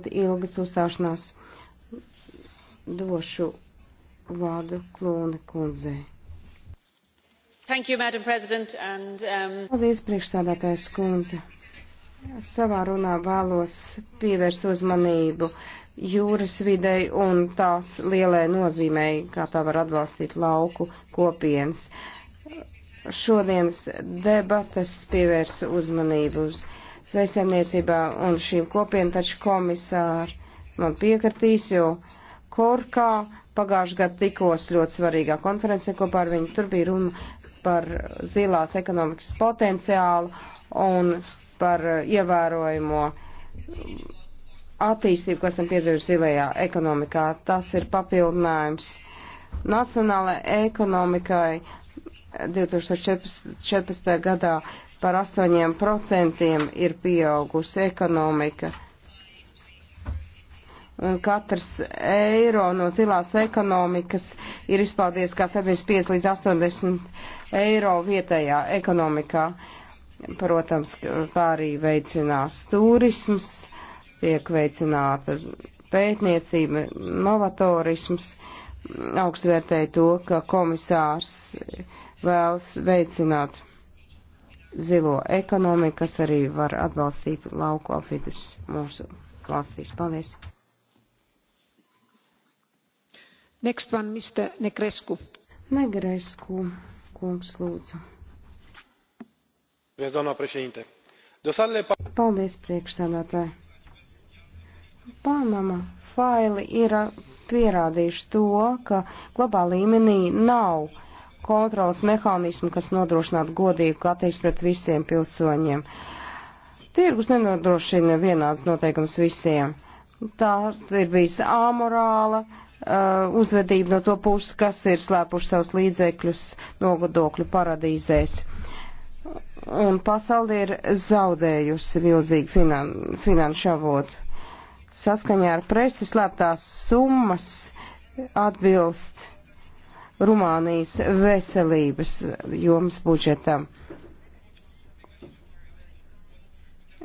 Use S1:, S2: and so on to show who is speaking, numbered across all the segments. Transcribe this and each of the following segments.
S1: ļoti ilgas uzstāšanās. Došu vārdu Klūne kundzei. You, madam president and um... paldies priekšsādātājas kundze savā runā vēlos pievērst uzmanību jūras videi un tās lielai nozīmei kā tā var atbalstīt lauku kopienas šodienas debates pievērsa uzmanību uz sveisamniecībā un šīm kopienu taču komisāri man piekritīs, jo Korkā pagājušajā gadā tikos ļoti svarīgā konferencē kopā ar viņu. Tur bija runa par zilās ekonomikas potenciālu un par ievērojamo attīstību, ko esam piedzīvojuši zilajā ekonomikā. Tas ir papildinājums nacionālajai ekonomikai 2014. gadā par 8% ir pieaugusi ekonomika. Un katrs eiro no zilās ekonomikas ir izpaudies kā 75 līdz 80 eiro vietējā ekonomikā. Protams, tā arī veicinās turisms, tiek veicināta pētniecība, novatorisms. Augstvērtēja to, ka komisārs vēlas veicināt zilo ekonomiku, kas arī var atbalstīt lauku apvidus mūsu valstīs. Paldies! Next one, Mr. Negrescu. Negrescu, kungs, lūdzu. Paldies, priekšsēdētāji. Panama faili ir uh, pierādījuši to, ka globālā līmenī nav kontrolas mehānismu, kas nodrošinātu godīgu attieksmi pret visiem pilsoņiem. Tirgus nenodrošina vienāds noteikums visiem. Tā ir bijis amorāla uh, uzvedība no to puses, kas ir slēpuši savus līdzekļus nogodokļu paradīzēs. Un pasauli ir zaudējusi milzīgi finan finanšu avotu. Saskaņā ar presi slēptās summas atbilst Rumānijas veselības jomas budžetam.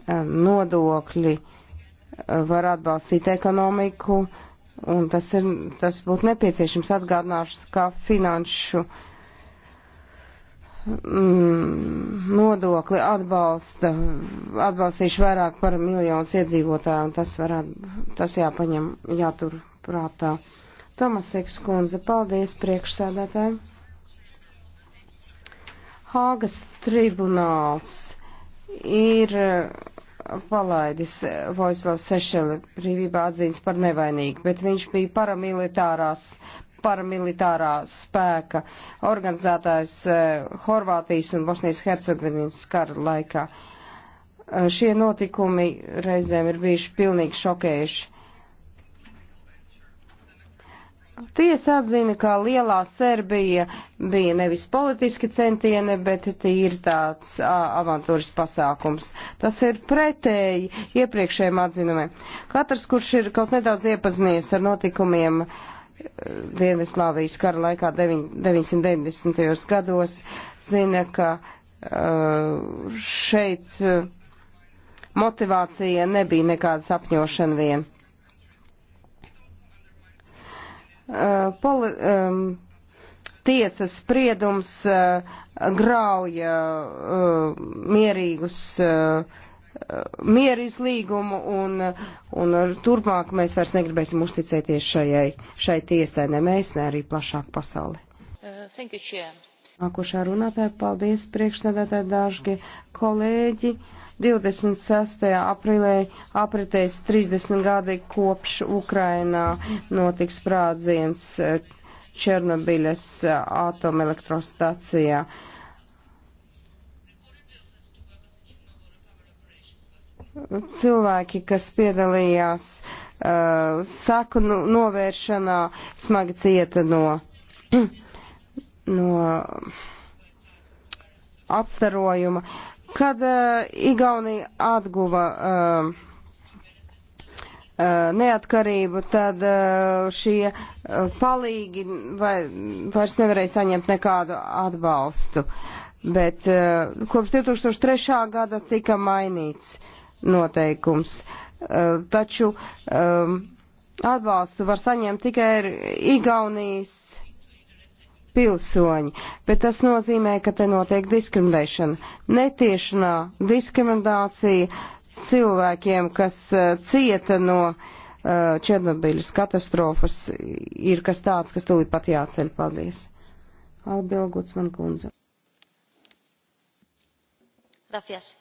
S1: Nodokļi eh, var atbalstīt ekonomiku, un tas, ir, tas būtu nepieciešams atgādināšu, kā finanšu mm, nodokli atbalsta, atbalstīšu vairāk par miljonus iedzīvotāju, un tas, var, tas jāpaņem, jātur prātā. Tomasiks kundze, paldies priekšsēdētāji. Hāgas tribunāls ir uh, palaidis uh, Voislavs Sešeli brīvībā atzīts par nevainīgu, bet viņš bija paramilitārās paramilitārā spēka organizētājs eh, Horvātijas un Bosnijas Hercegovinas kara laikā. Eh, šie notikumi reizēm ir bijuši pilnīgi šokējuši. Tiesa atzina, ka Lielā Serbija bija nevis politiski centieni, bet tīri tāds avantūras pasākums. Tas ir pretēji iepriekšējiem atzinumiem. Katrs, kurš ir kaut nedaudz iepazinies ar notikumiem e, Dienvidslāvijas kara laikā 990. gados, zina, ka uh, šeit e, motivācija nebija nekāda sapņošana vien. Eh, poli, um, tiesas spriedums uh, eh, grauja uh, eh, mierīgus uh, mieru izlīgumu un, un turpmāk mēs vairs negribēsim uzticēties šajai, šai tiesai, ne mēs, ne arī plašāk pasauli. Nākošā runātāja, paldies priekšsēdētāji, dažgi kolēģi. Uh, 26. aprīlē apritēs 30 gadi kopš Ukrainā notiks sprādziens eh, Černobiļas eh, atomelektrostacijā. Cilvēki, kas piedalījās uh, saku nu, novēršanā, smagi cieta no, no apstarojuma. Uh, Kad e, Igaunija atguva e, e, neatkarību, tad šie palīgi vai, vairs nevarēja saņemt nekādu atbalstu. Bet kopš 2003. gada tika mainīts noteikums. Taču atbalstu var saņemt tikai Igaunijas pilsoņi, bet tas nozīmē, ka te notiek diskriminēšana. Netiešanā diskriminācija cilvēkiem, kas e, cieta no e, Černobiļas katastrofas, ir kas tāds, kas tūlīt pat jāceļ. Paldies. Albila Gutsman kundze. Gracias.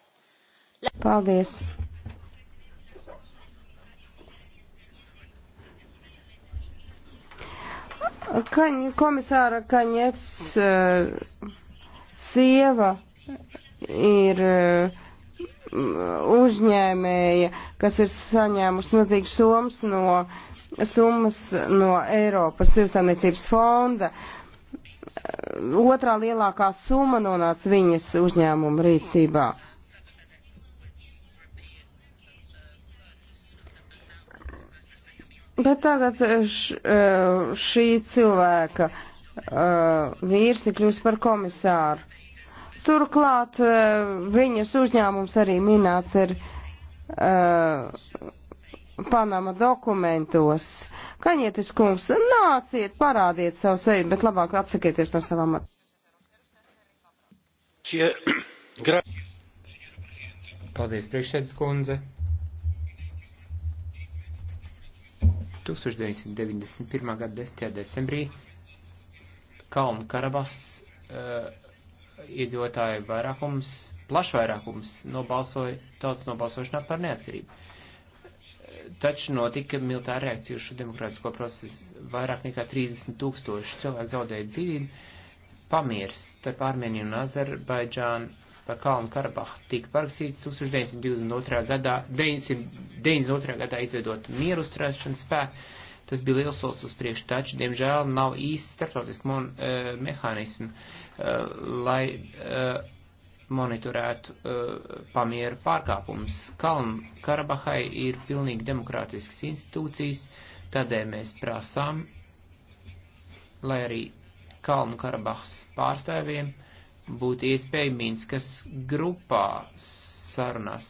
S1: Paldies. Kaņ, komisāra Kaņets eh, sieva ir eh, uzņēmēja, kas ir saņēmusi milzīgas summas no, summas no Eiropas Sivsaimniecības fonda. Eh, otrā lielākā summa nonāca viņas uzņēmuma rīcībā. Bet tagad eh, š, eh, šī cilvēka eh, vīrs ir kļūst par komisāru. Turklāt viņas uzņēmums arī minēts ir Panama dokumentos. Kaņietis kungs, nāciet, parādiet savu seju, bet labāk atsakieties no savām.
S2: Paldies, priekšsēdus kundze. 1991. gada 10. decembrī Kalnu Karabas uh, eh, iedzīvotāju vairākums, plašvairākums nobalsoja tautas nobalsošanā par neatkarību. Taču notika militāra reakcija uz šo demokrātisko procesu. Vairāk nekā 30 tūkstoši cilvēku zaudēja dzīvību. Pamiers starp Armēniju un Azerbaidžānu par Kalnu Karabahu tika parakstīts 1992. gadā, 992. gadā izveidot mieru strāšanas spēku. Tas bija liels solis uz priekšu, taču, diemžēl, nav īsti starptautiski mon, uh, eh, mehānismi, uh, eh, lai uh, monitorētu uh, pamieru pārkāpumus. Kalnu Karabahai ir pilnīgi demokrātiskas institūcijas, tādēļ mēs prasām, lai arī Kalnu Karabahas pārstāvjiem uh, būtu iespēja Minskas grupā sarunās,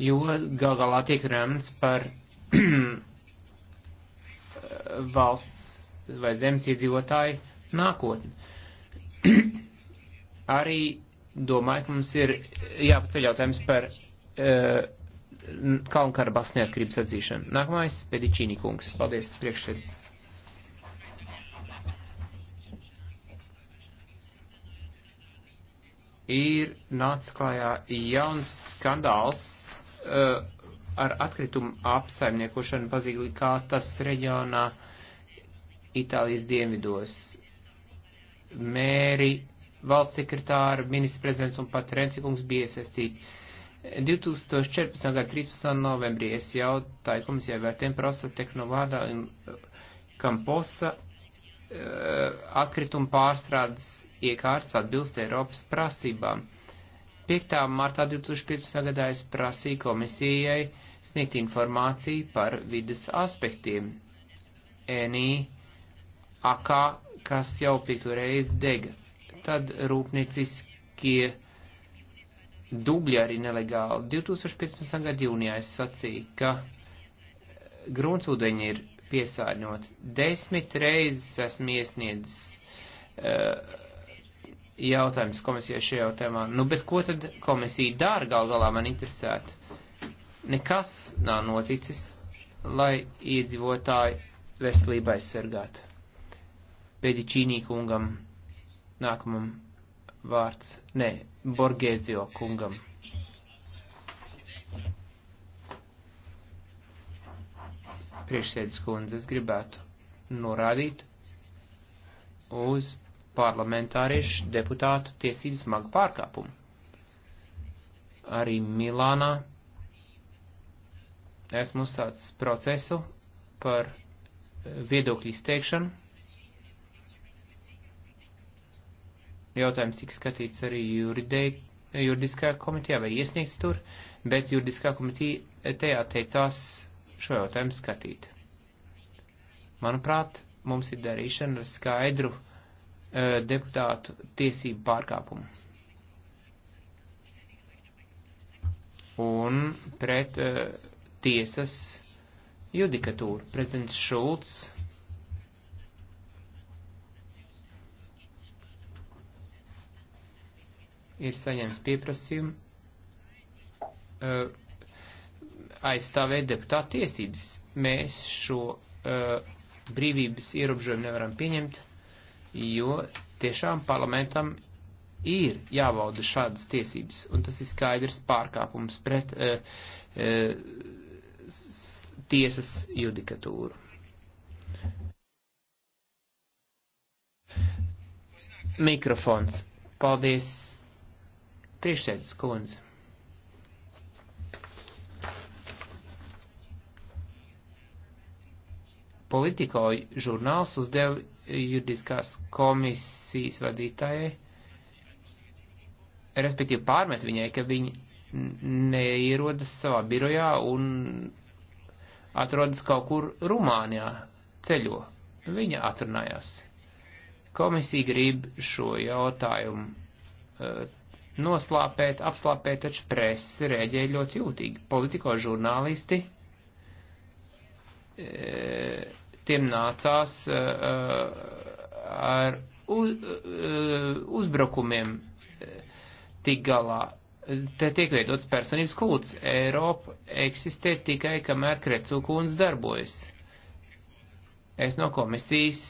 S2: jo gal galā tiek rēmts par valsts vai zemes iedzīvotāju nākotni. Arī domāju, ka mums ir jāpaceļ jautājums par uh, eh, Kalnkarbas neatkarības atzīšanu. Nākamais, Pedičīni kungs. Paldies, priekšsēdētāji. ir nācis klājā jauns skandāls uh, ar atkritumu apsaimniekošanu Bazilikātas reģionā Itālijas dienvidos. Mēri, valsts sekretāri, ministra prezidents un pat Rencikungs bija iesaistīti. 2014. gada 13. novembrī es jautāju komisijai vērtiem prosa Teknovādā un eh, Kamposa Uh, atkrituma pārstrādes iekārtas atbilst Eiropas prasībām. 5. martā 2015. gadā es prasīju komisijai sniegt informāciju par vidas aspektiem. ENI AK, kas jau piekto reizi dega, tad rūpnieciskie dubļi arī nelegāli. 2015. gada jūnijā es sacīju, ka gruntsūdeņi ir piesārņot. Desmit reizes esmu iesniedzis uh, eh, jautājums komisijai šajā jautājumā. Nu, bet ko tad komisija dara gal galā man interesētu? Nekas nav noticis, lai iedzīvotāju veselību aizsargātu. Pēdiķīnī kungam nākamam vārds, nē, Borgēdzio kungam. priekšsēdus kundze, es gribētu norādīt uz parlamentāriešu deputātu tiesību smagu pārkāpumu. Arī Milānā esmu uzsācis procesu par viedokļu izteikšanu. Jautājums tika skatīts arī juridei, juridiskajā komitejā vai iesniegts tur, bet juridiskā komiteja tajā teicās šo jautājumu skatīt. Manuprāt, mums ir darīšana ar skaidru e, deputātu tiesību pārkāpumu. Un pret e, tiesas judikatūru prezidents Šulcs ir saņēmis pieprasījumu. E, aizstāvēt deputātu tiesības. Mēs šo uh, brīvības ierobežojumu nevaram pieņemt, jo tiešām parlamentam ir jāvalda šādas tiesības, un tas ir skaidrs pārkāpums pret uh, uh, tiesas judikatūru. Mikrofons. Paldies, priekšsēdus kundze. Politiko žurnāls uzdeva juridiskās komisijas vadītājai, respektīvi pārmet viņai, ka viņa neierodas savā birojā un atrodas kaut kur Rumānijā ceļo. Viņa atrunājās. Komisija grib šo jautājumu uh, noslāpēt, apslāpēt, taču presi rēģēja ļoti jūtīgi. Politiko žurnālisti uh, tiem nācās eh, eh, ar uz, eh, uzbrukumiem tik galā. Te tiek veidots personības kults. Eiropa eksistē tikai, kamēr Krecūkūns darbojas. Es no komisijas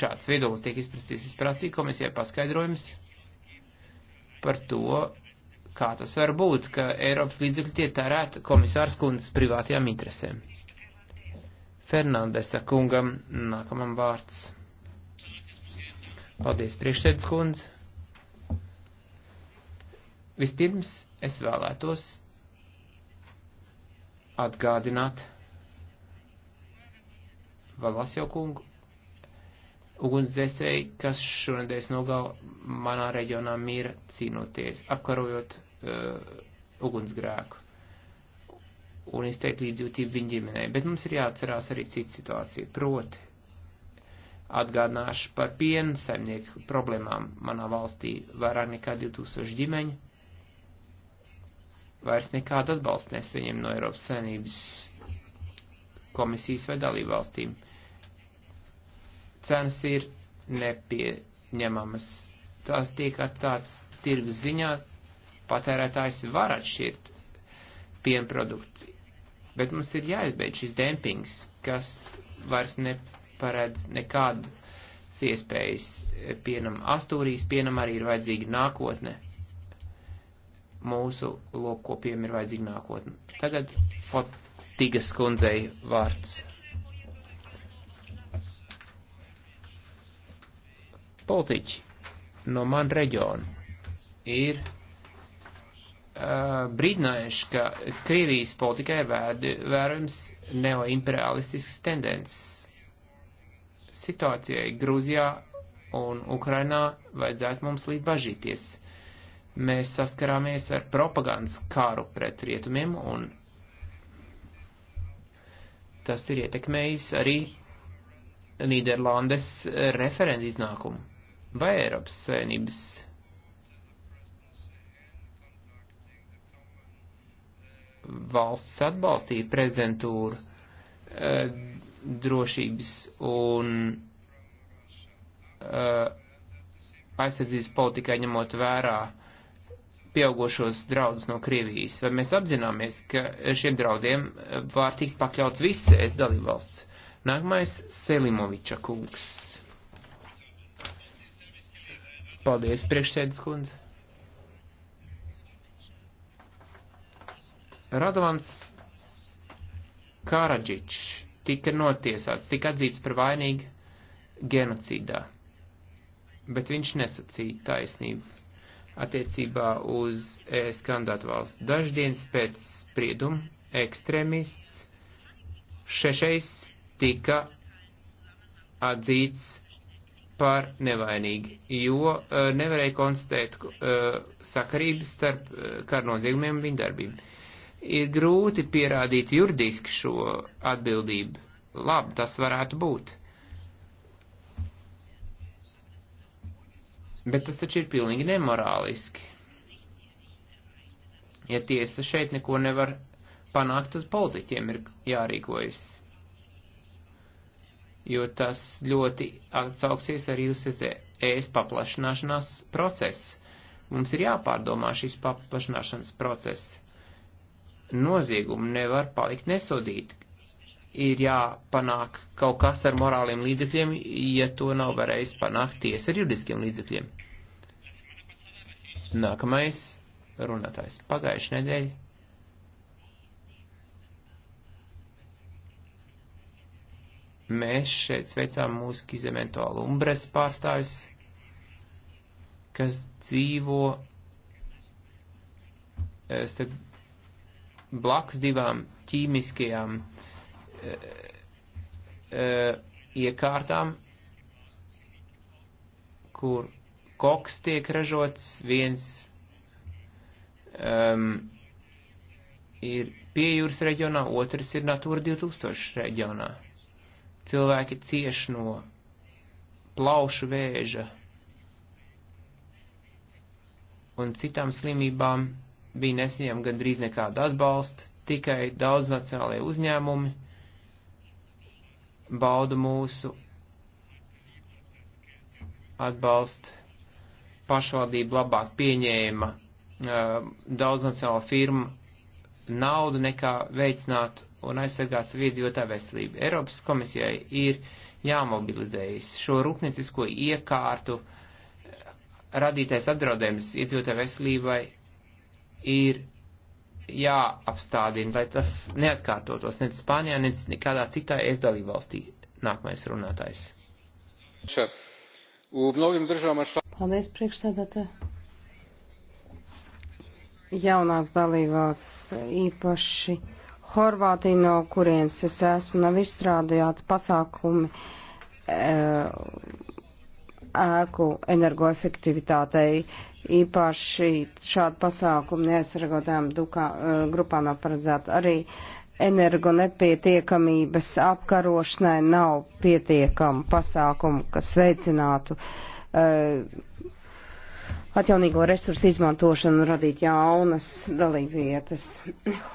S2: šāds viedoklis tiek izprasīts. Es prasīju komisijai paskaidrojums par to, kā tas var būt, ka Eiropas līdzekļi tiek tērēti komisārs kundzes privātajām interesēm. Fernandesa kungam nākamam vārds. Paldies, priekšsēdus kundze. Vispirms es vēlētos atgādināt Valasjo kungu ugunsdzēsēji, kas šonadēļ nogal manā reģionā mīra cīnoties, apkarojot uh, ugunsgrēku un es teiktu līdzjūtību viņa ģimenei. Bet mums ir jāatcerās arī cita situācija. Proti, atgādināšu par piena saimnieku problēmām manā valstī vairāk nekā 2000 ģimeņu. Vairs nekādu atbalstu nesaņem no Eiropas Savienības komisijas vai dalībvalstīm. Cenas ir nepieņemamas. Tās tiek atstātas tirgus ziņā, patērētājs var atšķirt pienproduktu Bet mums ir jāizbeidz šis dempings, kas vairs neparedz nekādu iespējas pienam Astūrijas, pienam arī ir vajadzīga nākotne. Mūsu lopkopiem ir vajadzīga nākotne. Tagad Fotigas kundzei vārds. Politiķi no man reģiona ir Uh, brīdinājuši, ka Krievijas politikai ir vērojams neoimperialistisks tendences. Situācijai Grūzijā un Ukrainā vajadzētu mums līdz bažīties. Mēs saskarāmies ar propagandas kāru pret rietumiem, un tas ir ietekmējis arī Nīderlandes referendu iznākumu vai Eiropas savienības valsts atbalstīja prezidentūru eh, drošības un eh, aizsardzības politikai ņemot vērā pieaugušos draudus no Krievijas. Vai mēs apzināmies, ka šiem draudiem eh, var tikt pakļauts viss es dalībvalsts? Nākamais Selimoviča kungs. Paldies, priekšsēdus kundze. Radovans Karadžičs tika notiesāts, tika atzīts par vainīgu genocīdā, bet viņš nesacīja taisnību attiecībā uz ES kandidātu valsts. Daždienas pēc sprieduma ekstrēmists šešais tika atzīts par nevainīgi, jo uh, nevarēja konstatēt uh, sakarības starp uh, eh, karnoziegumiem un viņa darbību ir grūti pierādīt juridiski šo atbildību. Labi, tas varētu būt. Bet tas taču ir pilnīgi nemorāliski. Ja tiesa šeit neko nevar panākt, tad politiķiem ir jārīkojas. Jo tas ļoti atsauksies arī uz ES paplašanāšanās procesu. Mums ir jāpārdomā šis paplašanāšanas process noziegumi nevar palikt nesodīti. Ir jāpanāk kaut kas ar morāliem līdzekļiem, ja to nav varējis panākt tiesa ar juridiskiem līdzekļiem. Nākamais runātājs pagājuši nedēļa. Mēs šeit sveicām mūsu Kizemento Lumbres pārstāvis, kas dzīvo eh, starp blakus divām ķīmiskajām e, e, iekārtām, kur koks tiek ražots, viens um, ir piejūras reģionā, otrs ir Natūra 2000 reģionā. Cilvēki cieš no plaušu vēža un citām slimībām bija nesaņem gandrīz nekādu atbalstu, tikai daudz nacionālajie uzņēmumi bauda mūsu atbalstu. Pašvaldība labāk pieņēma uh, daudznacionālu firmu naudu nekā veicināt un aizsargāt savu iedzīvotāju veselību. Eiropas komisijai ir jāmobilizējas šo rūpniecisko iekārtu radītais apdraudējums iedzīvotāju veselībai ir jāapstādina, lai tas neatkārtotos nec Spānijā, nec nekādā citā es dalību valstī. Nākamais runātājs.
S1: Paldies, priekšsēdētāji. Jaunās dalībās īpaši Horvātija, no kurienes es esmu, nav izstrādājāti pasākumi. Uh, ēku energoefektivitātei. Īpaši šādu pasākumu neaizsargotām grupām nav paredzēta arī energonepietiekamības apkarošanai nav pietiekama pasākuma, kas veicinātu uh, atjaunīgo resursu izmantošanu radīt jaunas dalībvietas.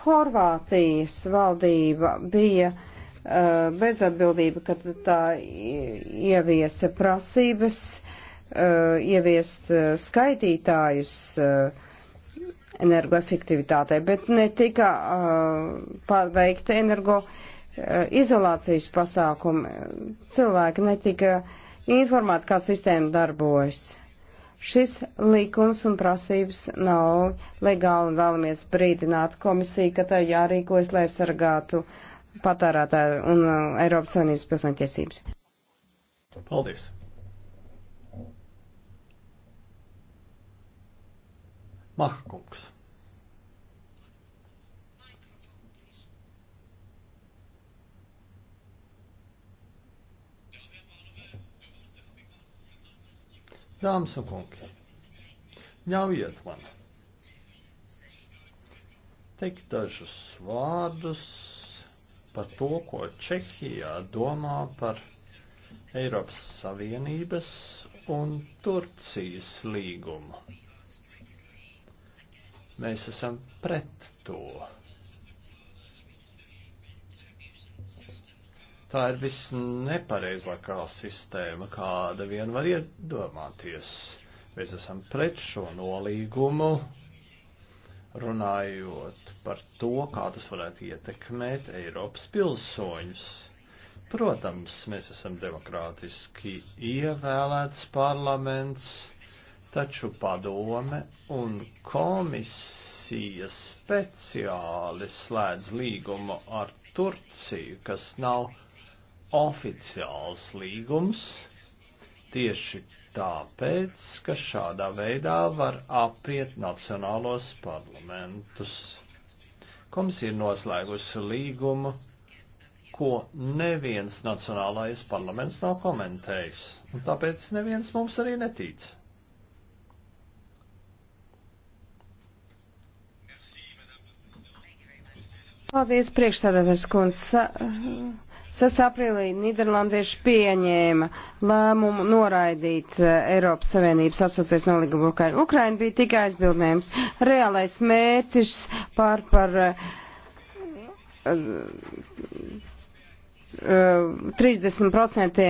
S1: Horvātijas valdība bija uh, Eh, bezatbildība, ka tā ieviesa prasības, eh, ieviest eh, skaitītājus energoefektivitātei, bet ne tika paveikta energo izolācijas pasākumi. Cilvēki netika informēti, kā sistēma darbojas. Šis likums un prasības nav legāli un vēlamies brīdināt komisiju, ka tā jārīkojas, lai sargātu uh, patērētāju un uh, Eiropas Savienības pilsoņu tiesības. Paldies! Mahkungs.
S3: Dāmas un kungi, ļaujiet man teikt dažus vārdus par to, ko Čehijā domā par Eiropas Savienības un Turcijas līgumu. Mēs esam pret to. Tā ir visnepareizākā sistēma, kāda vien var iedomāties. Mēs esam pret šo nolīgumu, runājot par to, kā tas varētu ietekmēt Eiropas pilsoņus. Protams, mēs esam demokrātiski ievēlēts parlaments, taču padome un komisija speciāli slēdz līgumu ar Turciju, kas nav oficiāls līgums. Tieši tāpēc, ka šādā veidā var apiet nacionālos parlamentus. Komisija ir noslēgusi līgumu, ko neviens nacionālais parlaments nav komentējis, un tāpēc neviens mums arī netic.
S1: Paldies, priekšstādātājs kundze. 6. aprīlī Nīderlandieši pieņēma lēmumu noraidīt eh, Eiropas Savienības asociācijas nolīgumu Ukrainu. Ukraina bija tikai aizbildnējums. Reālais mērķis par, par uh, uh, 30%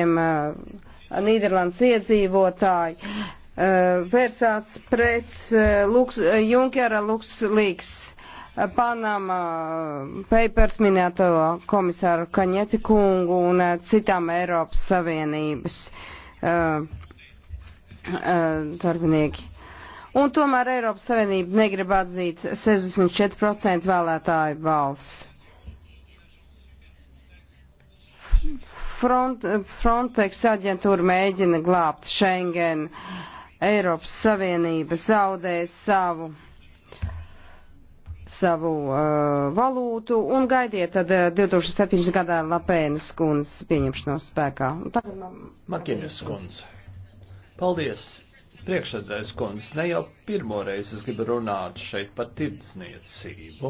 S1: Nīderlandes iedzīvotāju uh, eh, vērsās pret eh, Luks, Junkera Luks Līgs Panama Papers minēto komisāru Kaņeti kungu un eh, citām Eiropas Savienības uh, uh, darbinieki. Un tomēr Eiropas Savienība negrib atzīt 64% vēlētāju balsu. Front, Frontex aģentūra mēģina glābt Schengen. Eiropas Savienība zaudē savu savu uh, valūtu un gaidiet tad uh, 2007. gadā Lapēnas kundzes pieņemšanos spēkā. Tagad... Man... Makiņas kundze.
S3: Paldies. Priekšsēdētājs kundze, ne jau pirmo reizi es gribu runāt šeit par tirdzniecību,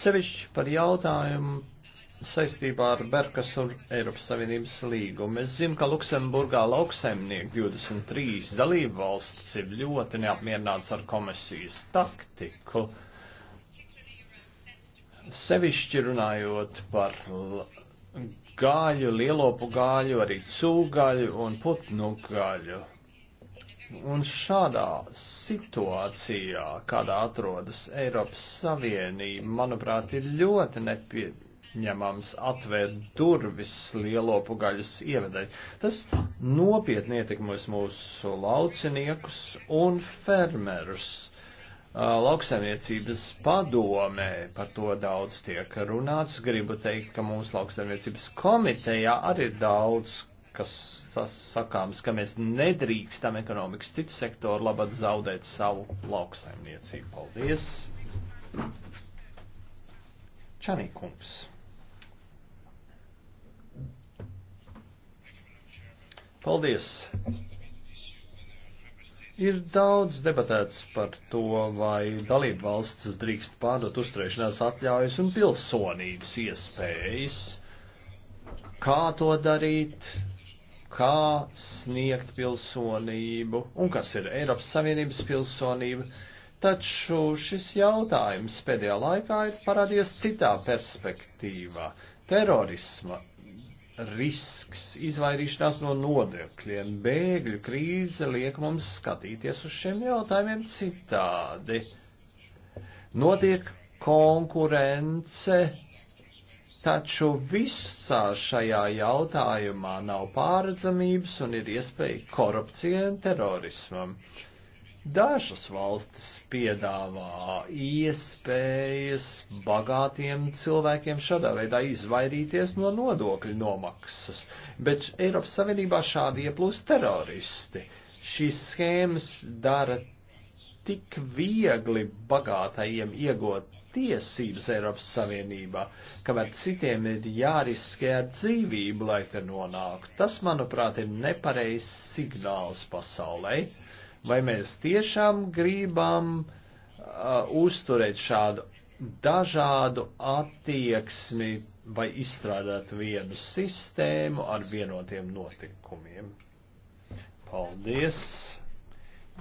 S3: sevišķi par jautājumu saistībā ar Berkas un Eiropas Savienības līgumu. Es zinu, ka Luksemburgā lauksaimnieki 23 dalību valsts ir ļoti neapmierināts ar komisijas taktiku. Uh, Sevišķi runājot par gāļu, lielopu gāļu, arī cūgaļu un putnu gaļu. Un šādā situācijā, kādā atrodas Eiropas Savienība, manuprāt, ir ļoti nepieņemams atvērt durvis lielopu gaļas ievedai. Tas nopietni ietekmēs mūsu lauciniekus un fermerus. Uh, lauksaimniecības padomē par to daudz tiek runāts. Gribu teikt, ka mūsu lauksaimniecības komitejā arī ir daudz, kas tas sakāms, ka mēs nedrīkstam ekonomikas citu sektoru labad zaudēt savu lauksaimniecību. Paldies! Čanīkums. Paldies! Ir daudz debatēts par to, vai dalību valsts drīkst pārdot uzturēšanās atļaujas un pilsonības iespējas, kā to darīt, kā sniegt pilsonību un kas ir Eiropas Savienības pilsonība. Taču šis jautājums pēdējā laikā ir parādījies citā perspektīvā - terorisma risks izvairīšanās no nodokļiem. Bēgļu krīze liek mums skatīties uz šiem jautājumiem citādi. Notiek konkurence, taču visā šajā jautājumā nav pārredzamības un ir iespēja korupcijai un terorismam. Uh, Dažas valstis piedāvā iespējas bagātiem cilvēkiem šādā veidā izvairīties no nodokļu nomaksas, bet Eiropas Savienībā šādi ieplūst teroristi. Šīs schēmas dara tik viegli bagātajiem iegūt tiesības Eiropas Savienībā, kamēr citiem ir jāriskē ar dzīvību, lai te nonāktu. Tas, manuprāt, ir nepareizs signāls pasaulē vai mēs tiešām gribam uh, uzturēt šādu dažādu attieksmi vai izstrādāt vienu sistēmu ar vienotiem notikumiem. Paldies,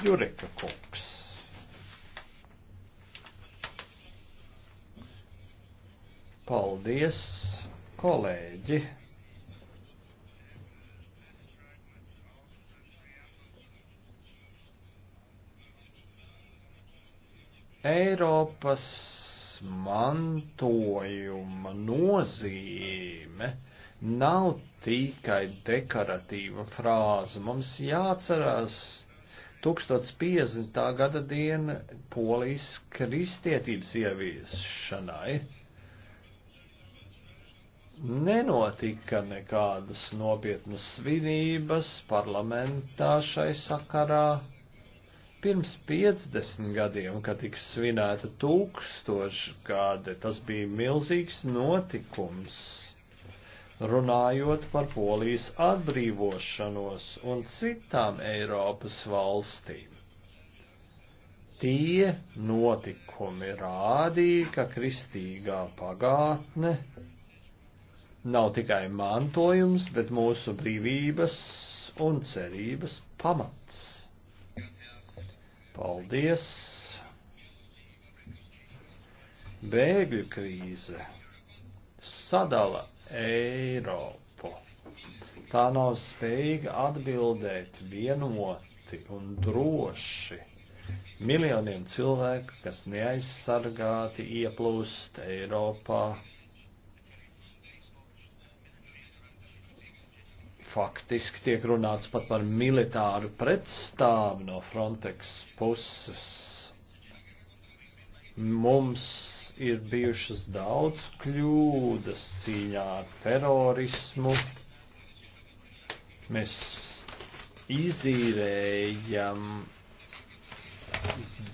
S3: Jureka Kungs. Paldies, kolēģi. Eiropas mantojuma nozīme nav tikai dekoratīva frāze. Mums jāatcerās 1050. gada diena polijas kristietības ieviešanai. Nenotika nekādas nopietnas svinības parlamentā šai sakarā Pirms 50 gadiem, kad tika svinēta tūkstoša gada, tas bija milzīgs notikums, runājot par polijas atbrīvošanos un citām Eiropas valstīm tie notikumi rādīja, ka kristīgā pagātne nav tikai mantojums, bet mūsu brīvības un cerības pamats. Paldies! Bēgļu krīze sadala Eiropu. Tā nav spējīga atbildēt vienoti un droši miljoniem cilvēku, kas neaizsargāti ieplūst Eiropā faktiski tiek runāts pat par militāru pretstāvu no Frontex puses. Mums ir bijušas daudz kļūdas cīņā ar terorismu. Mēs izīrējam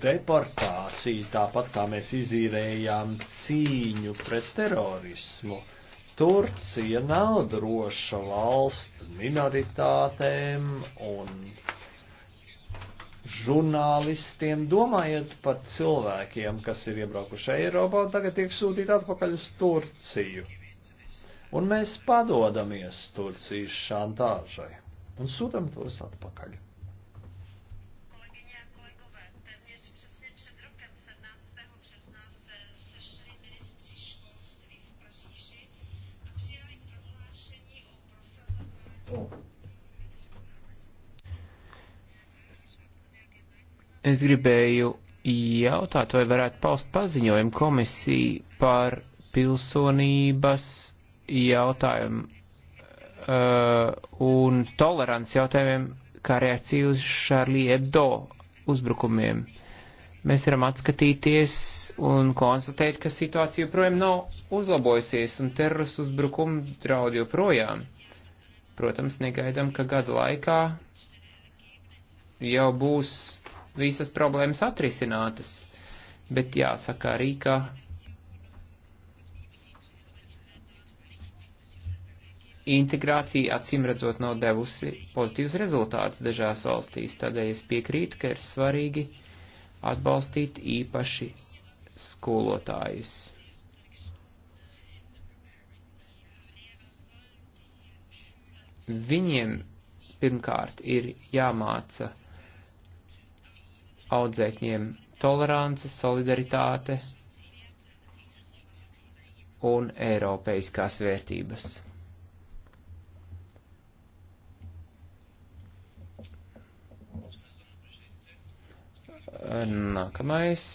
S3: deportāciju, tāpat kā mēs izīrējām cīņu pret terorismu. Uh, Turcija nav droša valsts minoritātēm un žurnālistiem. Domājiet par cilvēkiem, kas ir iebraukuši Eiropā un tagad tiek sūtīti atpakaļ uz Turciju. Un mēs padodamies Turcijas šantāžai un sūtam tos atpakaļ.
S1: Es
S2: gribēju jautāt, vai varētu paust paziņojumu komisiju par pilsonības jautājumu uh, un tolerants jautājumiem, kā reakcija uz Charlie Hebdo uzbrukumiem. Mēs varam atskatīties un konstatēt, ka situācija joprojām nav uzlabojusies un terroristu uzbrukumu draud joprojām. Protams, negaidam, ka gada laikā jau būs visas problēmas atrisinātas, bet jāsaka arī, ka integrācija acīmredzot nav devusi pozitīvus rezultātus dažās valstīs, tādēļ es piekrītu, ka ir svarīgi atbalstīt īpaši skolotājus. Viņiem pirmkārt ir jāmāca audzēkņiem tolerance, solidaritāte un eiropeiskās vērtības. Nākamais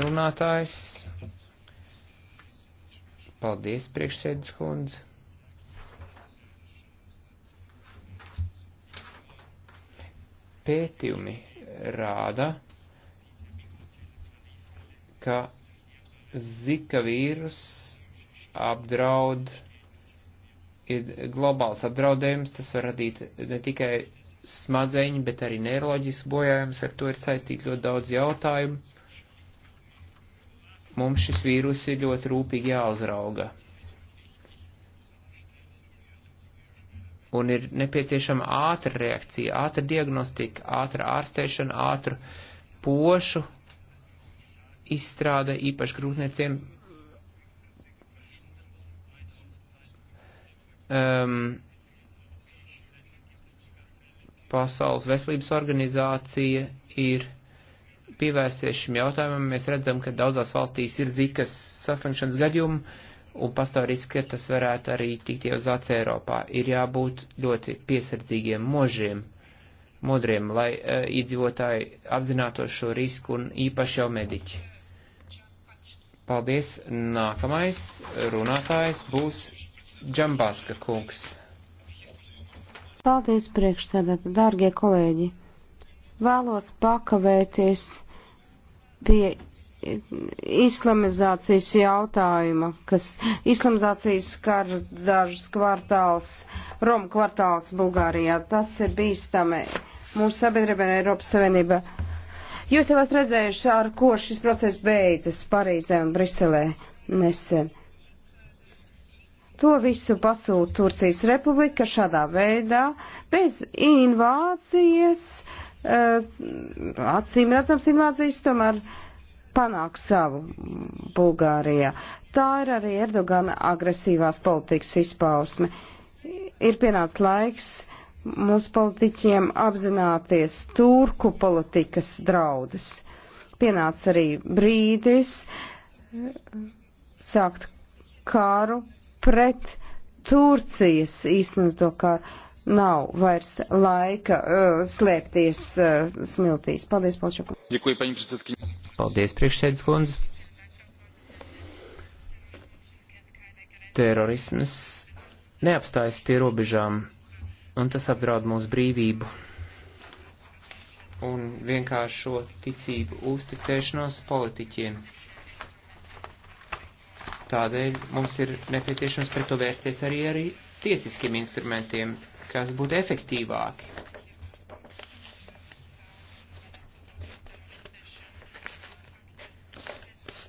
S2: runātājs. Paldies, priekšsēdus kundze. pētījumi rāda, ka zika vīrus apdraud, ir globāls apdraudējums, tas var radīt ne tikai smadzeņu, bet arī neiroloģisku bojājumus, ar to ir saistīti ļoti daudz jautājumu. Mums šis vīrus ir ļoti rūpīgi jāuzrauga. un ir nepieciešama ātra reakcija, ātra diagnostika, ātra ārstēšana, ātra pošu izstrāde īpaši grūtnieciem. Um, Pasaules veselības organizācija ir pievērsties šim jautājumam. Mēs redzam, ka daudzās valstīs ir zikas saslimšanas gadījumi. Uh, un pastāv risks, ka tas varētu arī tikt ievzāts Eiropā. Ir jābūt ļoti piesardzīgiem, možiem, modriem, lai uh, iedzīvotāji apzinātos šo risku un īpaši jau mediķi. Paldies. Nākamais runātājs būs Džambaska kungs.
S1: Paldies priekšsēdētā, dārgie kolēģi. Vēlos pakavēties pie islamizācijas jautājuma, kas islamizācijas skar dažas kvartāls, Roma kvartāls Bulgārijā. Tas ir bīstami mūsu sabiedrība un Eiropas Savienība. Jūs jau esat redzējuši, ar ko šis process beidzas Parīzē un Briselē nesen. To visu pasūta Turcijas republika šādā veidā, bez invācijas, eh, acīm redzams invācijas, tomēr uh, panāk savu mm, Bulgārijā. Tā ir arī Erdogana agresīvās politikas izpausme. Ir pienācis laiks mums politiķiem apzināties turku politikas draudus. Pienāca arī brīdis mm, sākt kāru pret Turcijas īstenoto kāru. Nav vairs laika uh, slēpties uh, smiltīs. Paldies, Palčakam.
S2: Paldies, priekšsēdus kundze. Terorisms neapstājas pie robežām, un tas apdraud mūsu brīvību un vienkāršo ticību uzticēšanos politiķiem. Tādēļ mums ir nepieciešams pret to vērsties arī ar tiesiskiem instrumentiem, kas būtu efektīvāki.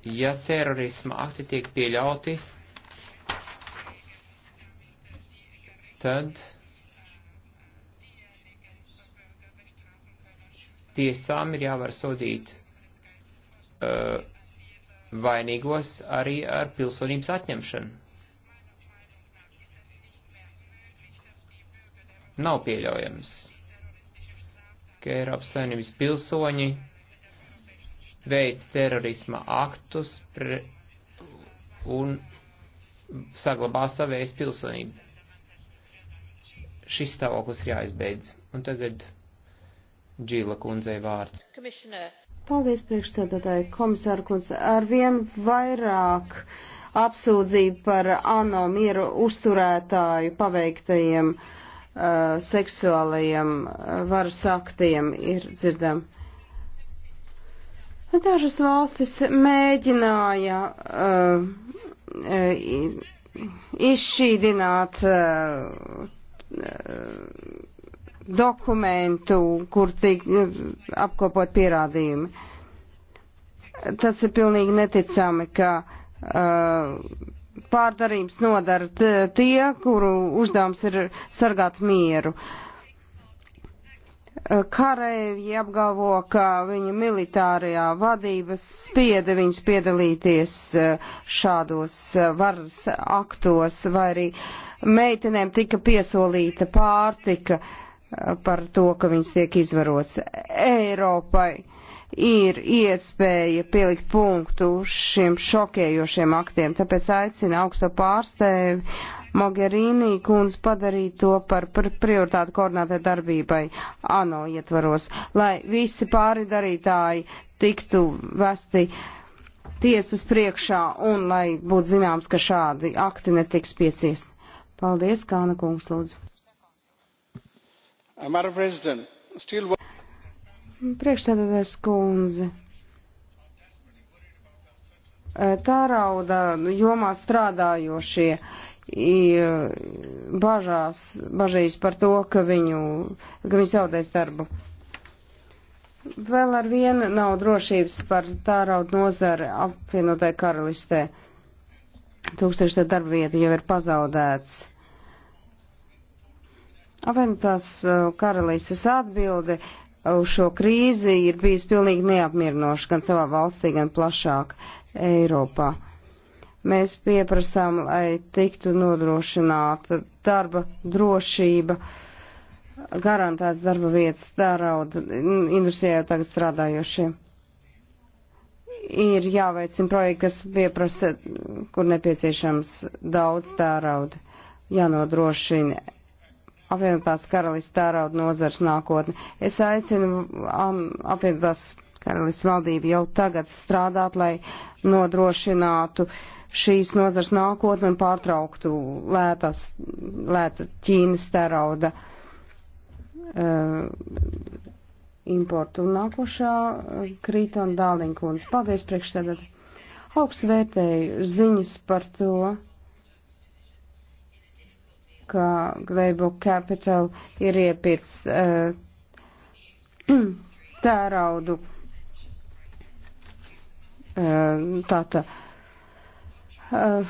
S2: ja terorisma akti tiek pieļauti, tad tiesām ir jāvar sodīt uh, vainīgos arī ar pilsonības atņemšanu. Nav pieļaujams, ka Eiropas Savienības pilsoņi veids terorisma aktus pre, un saglabā savējas pilsonību. Šis stāvoklis ir jāizbeidz. Un tagad Džīla kundzei vārds.
S1: Paldies, priekšstādātāji, komisāra kundze. Arvien vairāk apsūdzību par ANO mieru uzturētāju paveiktajiem uh, seksuālajiem uh, varas aktiem ir dzirdama. Nu, dažas valstis mēģināja uh, izšķīdināt uh, dokumentu, kur tiek eh, apkopot pierādījumi. Tas ir pilnīgi neticami, ka uh, pārdarījums nodara tie, kuru uzdevums ir sargāt mieru. Uh, Kareivi apgalvo, ka viņa militārajā vadības spieda viņus piedalīties eh, šādos eh, varas aktos, vai arī meitenēm tika piesolīta pārtika eh, par to, ka viņas tiek izvarots Eiropai. Ir iespēja pielikt punktu šiem šokējošiem aktiem, tāpēc aicina augsto pārstēvi Mogherini kundze padarīja to par prioritāti koordinātai darbībai ANO ietvaros, lai visi pāri darītāji tiktu vesti tiesas priekšā un lai būtu zināms, ka šādi akti netiks pieciest. Paldies, Kāna kungs, lūdzu.
S3: Uh,
S1: Priekšsēdētājs kundze. Uh, Tārauda jomā strādājošie bažās, bažīs par to, ka viņu, ka viņi zaudēs darbu. Vēl ar vienu nav drošības par tāraudu nozari apvienotai karalistē. Tūkstoši darba vietu jau ir pazaudēts. Apvienotās uh, karalistes atbildi uz šo krīzi ir bijis pilnīgi neapmierinoši gan savā valstī, gan plašāk Eiropā. Mēs pieprasām, lai tiktu nodrošināta darba drošība, garantēts darba vietas tērauda industrijā tagad strādājošiem. Ir jāveicina projekti, kas pieprasa, kur nepieciešams daudz tērauda, jānodrošina apvienotās karalists tērauda nozars nākotne. Es aicinu um, apvienotās Karalīs valdība jau tagad strādāt, lai nodrošinātu šīs nozars nākotni un pārtrauktu lētas, lēta Ķīnas terauda uh, importu. Un nākošā uh, Krītona Dālinkūnas. Paldies priekšsēdētāji. Augstu vērtēju ziņas par to, ka Glebo Capital ir iepirts uh, tēraudu Ehm, tāda ehm,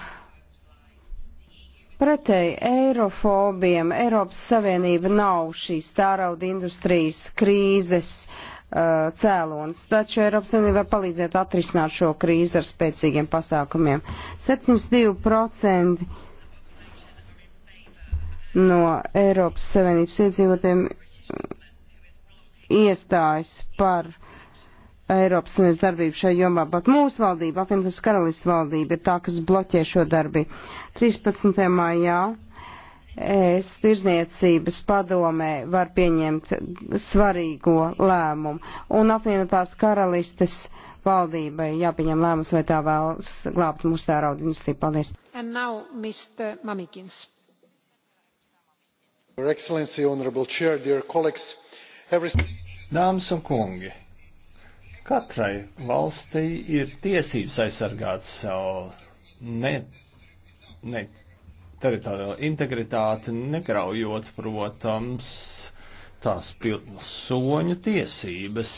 S1: pretēji eirofobiem Eiropas Savienība nav šīs tārauda industrijas krīzes uh, cēlons, taču Eiropas Savienība var palīdzēt atrisināt šo krīzi ar spēcīgiem pasākumiem. 72% no Eiropas Savienības iedzīvotiem iestājas par uh, Eiropas Savienības darbību šajā jomā, bet mūsu valdība, apvienotās karalists valdība, ir tā, kas bloķē šo darbi. 13. maijā es tirzniecības padomē var pieņemt svarīgo lēmumu, un apvienotās karalistes valdībai jāpieņem lēmums, vai tā vēlas glābt mūsu tērauda industriju. Paldies. And now, Mr. Mamikins.
S3: Your Excellency, Honorable Chair, dear colleagues, every... Dāmas un kungi, Katrai valstī ir tiesības aizsargāt savu ne, ne teritoriālo integritāti, negraujot, protams, tās pilsoņu tiesības.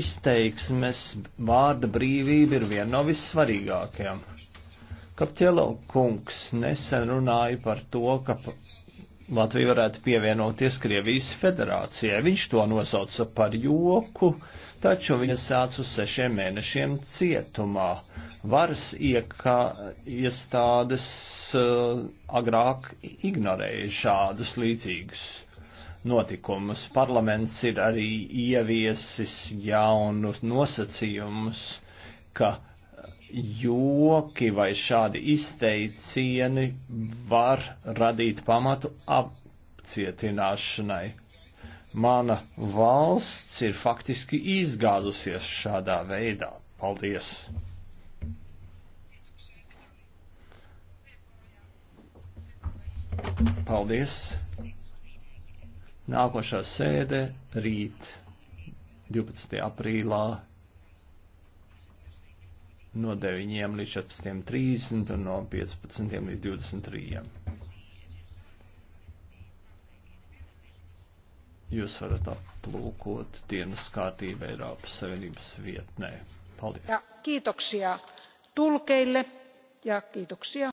S3: Izteiksmes vārda brīvība ir viena no vissvarīgākajām. Kapķelo kungs nesen runāja par to, ka Latvija varētu pievienoties Krievijas federācijai. Viņš to nosauca par joku, taču viņa sāc uz sešiem mēnešiem cietumā. Varas iekā iestādes uh, agrāk ignorēja šādus līdzīgus notikumus. Parlaments ir arī ieviesis jaunus nosacījumus, ka joki vai šādi izteicieni var radīt pamatu apcietināšanai. Mana valsts ir faktiski izgāzusies šādā veidā. Paldies! Paldies! Nākošā sēde rīt 12. aprīlā no 9 līdz 14.30 un no 15 līdz 23. Jūs varat aplūkot dienas kārtību Eiropas Savienības vietnē. Paldies!
S1: Ja, kiitoksia tulkeille ja kiitoksia.